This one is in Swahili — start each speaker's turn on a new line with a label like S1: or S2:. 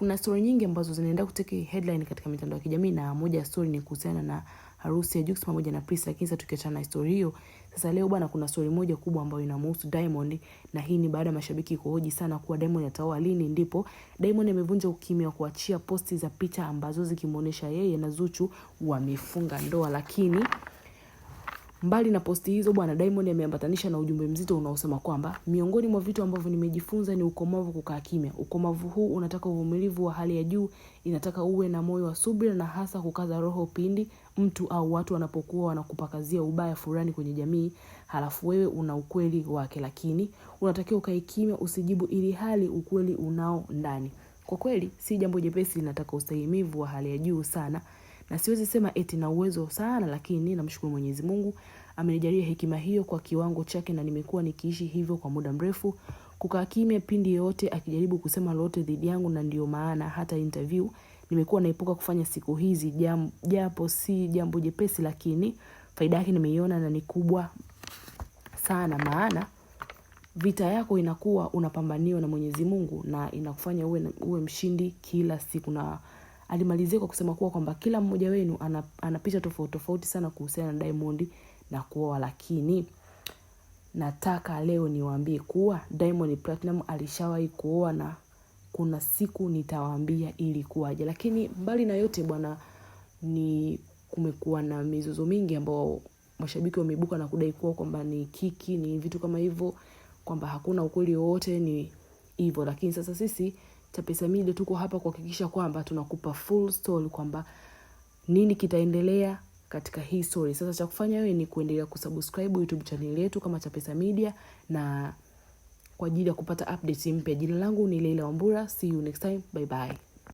S1: kuna stori nyingi ambazo zinaenda kuteki headline katika mitandao ya kijamii na moja ya stori ni kuhusiana na harusi ya Jux pamoja na Priscilla. Lakini sasa tukiachana na stori hiyo, sasa leo bwana, kuna stori moja kubwa ambayo inamhusu Diamond, na hii ni baada ya mashabiki kuhoji sana kuwa Diamond ataoa lini, ndipo Diamond amevunja ukimya wa kuachia posti za picha ambazo zikimuonesha yeye na Zuchu wamefunga ndoa, lakini Mbali na posti hizo bwana, Diamond ameambatanisha na ujumbe mzito unaosema kwamba miongoni mwa vitu ambavyo nimejifunza ni ukomavu kukaa kimya. Ukomavu huu unataka uvumilivu wa hali ya juu, inataka uwe na moyo wa subira na hasa kukaza roho pindi mtu au watu wanapokuwa wanakupakazia ubaya fulani kwenye jamii, halafu wewe una ukweli wake, lakini unatakiwa ukae kimya, usijibu ili hali ukweli unao ndani. Kwa kweli si jambo jepesi, linataka ustahimivu wa hali ya juu sana na siwezi sema eti na uwezo sana, lakini namshukuru Mwenyezi Mungu amenijalia hekima hiyo kwa kiwango chake, na nimekuwa nikiishi hivyo kwa muda mrefu, kukaa kimya pindi yote akijaribu kusema lolote dhidi yangu, na ndio maana hata interview nimekuwa naepuka kufanya siku hizi, jam, japo si jambo jepesi, lakini faida yake nimeiona na ni kubwa sana, maana vita yako inakuwa unapambaniwa na Mwenyezi Mungu na inakufanya uwe, uwe mshindi kila siku na Alimalizia kwa kusema kuwa kwamba kila mmoja wenu anapita ana tofauti tofauti sana kuhusiana na Diamond na kuoa, lakini nataka leo niwaambie kuwa Diamond Platinum alishawahi kuoa na kuna siku nitawaambia ilikuwaje. Lakini mbali na yote bwana, ni kumekuwa na mizozo mingi ambao mashabiki wameibuka na kudai kuwa kwamba ni kiki, ni vitu kama hivyo, kwamba hakuna ukweli wowote, ni hivyo. Lakini sasa sisi Chapesa Media tuko hapa kuhakikisha kwamba tunakupa full story kwamba nini kitaendelea katika hii story. Sasa cha kufanya wewe ni kuendelea kusubscribe YouTube channel yetu kama Chapesa Media na kwa ajili ya kupata updates mpya. Jina langu ni Leila Wambura. See you next time. Bye bye.